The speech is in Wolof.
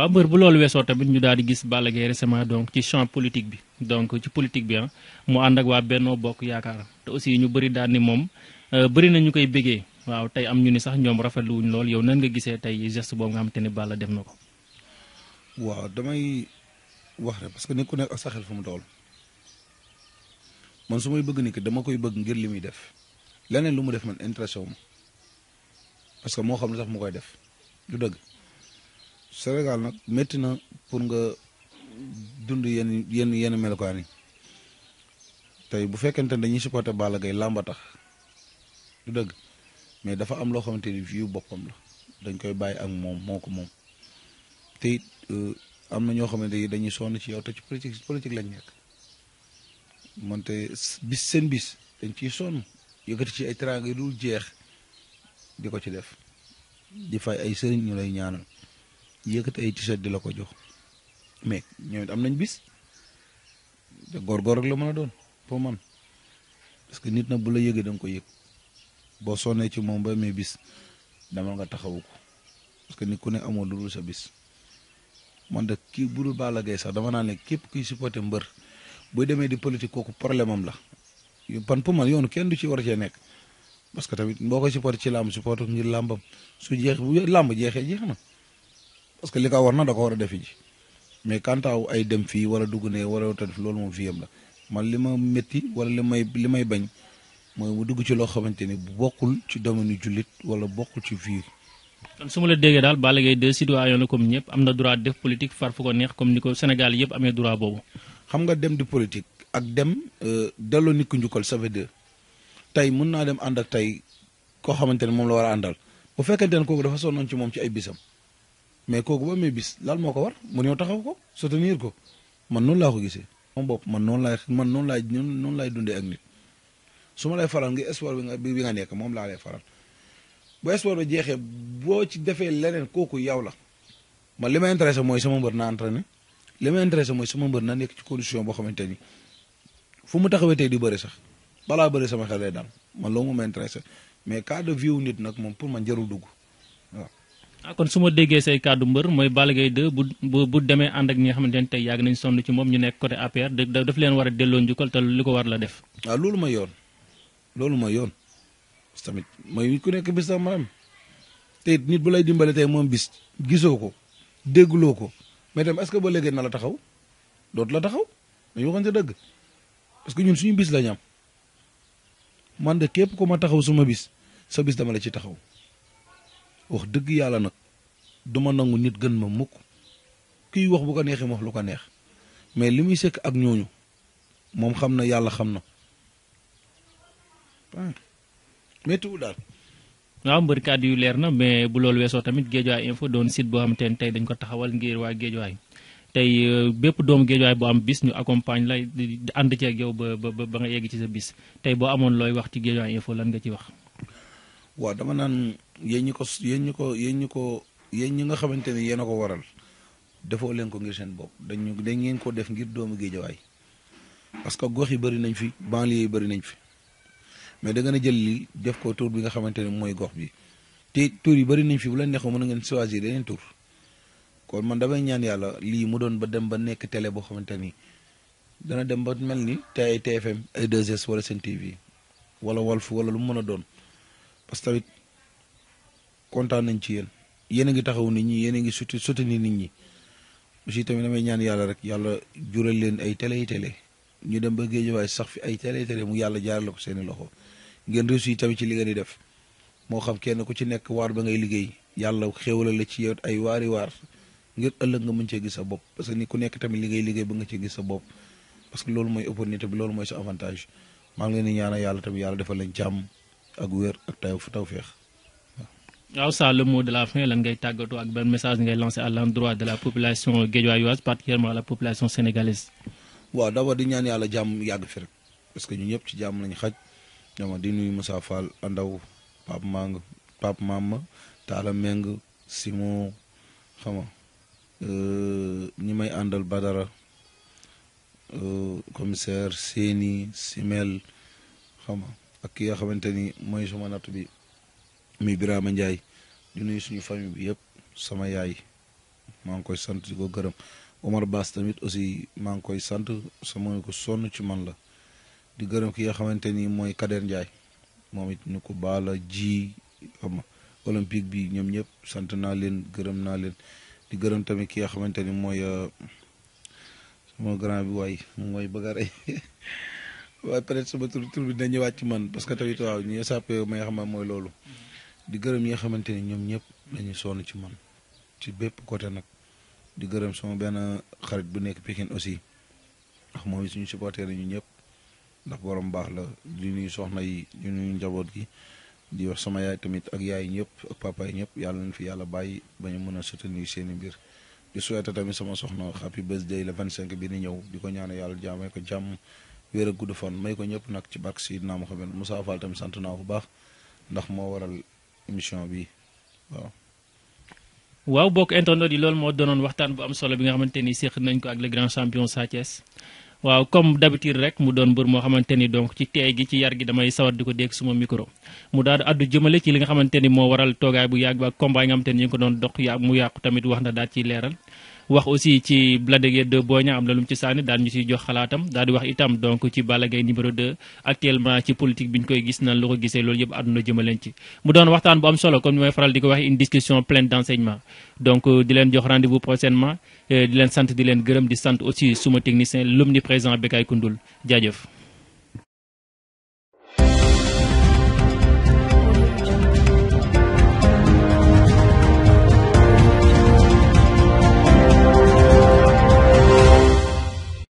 waaw mbër bu loolu weesoo tamit ñu daal di gis Balla récemment donc ci champ politique bi donc ci politique bi ah mu ànd ak waa Benno Bokk Yaakaar te aussi ñu bëri daal ni moom euh, bëri na ñu koy bégee waaw am ñu ni sax ñoom rafetlu wuñ lool yow nan nga gisee tey geste boobu nga xamante ni Balla def na ko. waaw damay wax rek parce que nit ku nekk ak sa xel fu mu man su bëgg ni que dama koy bëgg ngir li def leneen lu mu def man intéressé wu ma parce que moo xam lu tax mu koy def du dëgg senegal nak metti na pour nga dund yenn yenn yenn melokani tay bu fekkante dañuy supporter Balla gay lamba tax du deug mais dafa am lo xamanteni view bopam la dañ koy bàyyi ak mom moko mom tay te it euh, am na ñoo xamante dañuy son ci yow te ci politique politique lañ nekk tay bis sen bis dañ ci son yëkëti ci ay teraanga yi dul jeex diko ci def di fay ay serigne ñu lay ñaanal yëkkat ay t-shirt di la ko jox mais ñoom am nañ bis da gor gor rek la mëna doon po man parce que nit na bu la yëgë dang ko yëg bo sonnee ci mom ba amee bis dama nga taxawu ko parce que nit ku ne amo lu sa bis man da ki bu dul bala gay sax dama na ne képp kuy supporter mbeur bu démé di politique koku problème am la pan po man yoonu kenn du ci war ci nek parce que tamit boko supporter ci lamb supporter ngir lambam su jeex bu làmb jeexee jeex parce que li ko war na da ko war a defi ji mais kantaaw ay dem fii wala dugg ne wala tan fi loolu moom fi la man li ma métti wala li may may bañ mooy mu dugg ci loo xamante ni bokkul ci domaine jullit wala bokkul ci vie. kon su ma la déggee daal Balla Gaye 2 citoyen la comme ñëpp am na droit def politique far fu ko neex comme ni ko Sénégal yëpp amee droit boobu. xam nga dem di politique ak dem euh, delloo nit ku njukkal ça veut tey mën naa dem ànd ak tey koo xamante ne moom la war a àndal bu fekkente ne kooku dafa sonnoon ci moom ci ay bisam. mais koku ba may bis lal moko war mu ñëw taxaw ko soutenir ko man non la ko gisee. mom bop man non laay man non laay non laay dundé ak nit suma lay faral nga espoir bi nga bi nga nek mom la lay faral bu espoir ba jexé bo ci défé leneen koku yaw la ma lima ma intéressé moy sama mbeur na entraîné lima intéressé moy sama mbeur na nek ci condition bo xamanteni fu mu taxawé tey di bëré sax bala bëré sama xalé dal man lo moo ma intéressé mais cas de vie nit nak mom pour man jarul dugg kon suma déggé say kàddu mbeur moy Balla de bu bu démé and ak ñi nga xamante ne tey nañ sonn ci mom ñu nekk côté APR daf leen wara a ñukal té liko war la def. ah loolu ma yoon loolu ma yoon tamit moy ku nekk bis sax maanaam té nit bu lay dimbalé tay mom bis gisoko dégguloko mais tam est-ce que ba légué na la taxaw dot la taxaw dañu waxante dëgg parce que ñun suñu bis la ñam man de képp ko ma taxaw suma bis sa bis dama la ci taxaw. wax dëgg yàlla nag du ma nangu nit gën ma mukk kiy wax bu ko neexee wax lu ko neex mais li muy sekk ak ñooñu moom xam na yàlla xam na méttiwul daal. waaw mbër kàddu yu leer na mais bu loolu weesoo tamit Géejawaay info doon site boo xamante ne tey dañ ko taxawal ngir waa Géejawaay tey euh, bépp doomu Géejawaay boo am bis ñu accompagne la di ànd ci ak ba ba ba nga yegg ci sa bis tey boo amoon looy wax ci Géejawaay info lan nga ci wax. waaw dama naan yéen ñi ko yéen ñi ko yéen ñi ko yéen ñi nga xamante ne yéen a ko waral defoo leen ko ngir seen bopp dañu dañ ngeen ko def ngir doomu géejawaay parce que gox yi bëri nañ fi banlieue yi bëri nañ fi mais da a jël li def ko bi nga xamante ne mooy gox bi te tur yi bëri nañ fi bu la neexoo mën ngeen choisir yeneen tur man damay ñaan yàlla lii mu doon ba dem ba nekk télé boo xamante ni dana dem ba mel ni te ay TFM ay 2S wala seen TV wala Walf wala lu mu mën a doon. parce que tamit kontaan nañ ci yéen yéen a ngi taxaw nit ñi yéen a ngi suti soutenir nit ñi aussi tamit damay ñaan yàlla rek yàlla jural leen ay télé yi télé ñu dem ba géejawaay sax fi ay télé télé mu yàlla jaarale ko seeni loxo ngeen réussir tamit ci li ngeen di def moo xam kenn ku ci nekk waar ba ngay liggéey yàlla xéwala la ci yow ay waari waar ngir ëllëg nga mën cee gis sa bopp parce ku nekk tamit li ngay liggéey ba nga cee gis sa bopp parce que loolu mooy opportunité bi loolu mooy sa avantage maa ngi leen di ñaanal yàlla tamit yàlla defal leen jàmm ak wér ak taw tawféex waaw ça le de la fin lan ngay tàggatoo ak ban message ngay lancé à l'endroit de la population guédiawayoise particulièrement la population sénégalaise. waa d'abord di ñaan yàlla jàmm yàgg fi rek parce que ñu ñëpp ci jàmm lañu xaj dama di nuyu Moussa Fall Andaw Pape Mang Pape Mam Talla Meng Simon xam nga euh, ñi may àndal Badara euh, commissaire Séni Simel xam nga ak ki nga xamante ni mooy suma nattu bi muy Birama Ndiaye di nuyu suñu famille bi yëpp sama yaay maa ngi koy sant di ko gërëm Omar baas tamit aussi maa ngi koy sant sama ko sonn ci man la di gërëm ki nga xamante ni mooy Kader Ndiaye moom it nu ko baala ji xam nga bi ñoom ñëpp sant naa leen gërëm naa leen di gërëm tamit ki nga xamante ni mooy euh, sama grand bi waay mooy bëgg waaye peut être sama tur bi dina ñëwaat ci man parce que tamit waaw ñi SAP may mooy loolu. di gërëm ñi nga xamante ni ñoom ñëpp dañu sonn ci man ci bépp côté nag di gërëm sama benn xarit bu nekk Pikine aussi ndax moom suñu supporter nañu ñëpp ndax borom baax la di nuyu soxna yi di nuyu njaboot gi di wax sama yaay tamit ak yaay ñëpp ak papa yi ñëpp yàlla na fi yàlla bàyyi ba ñu mën a soutenir seen i mbir. di souhaiter tamit sama soxna happy birthday le 25 bi ni ñëw di ko ñaan yàlla jaamee ko jàmm. wéra gudd fon may ko ñëpp nak ci bark barke mo Muhammad musa Fall tam sant na ko baax ndax mo waral émission bi waaw. waaw bokk internet yi loolu moo doonoon waxtaan bu am solo bi nga xamante ni séq nañ ko ak le grand champion Sa waaw comme d'habitude rek mu doon mbër moo xamante ni donc ci teey gi ci yar gi damay sawar di ko dégg suma micro mu daal addu jëmale ci li nga xamante ni moo waral toogaay bu yàgg ba combat yi nga xamante ni ñu ko doon dox ya mu yàqu tamit wax na daal ci leeral wax aussi ci blade Gueye de boña am na lu ci sani dal ñu ci jox xalaatam dal di wax itam donc ci bala gay numéro 2 actuellement ci politique biñ koy gis na lu ko lool yeb aduna jëma len ci mu doon waxtaan bu am solo comme ni may faral di ko une discussion pleine d'enseignement donc euh, di len jox rendez vous prochainement euh, di len sante di len gërëm di sante aussi suma technicien présent Bekay kundul jaajëf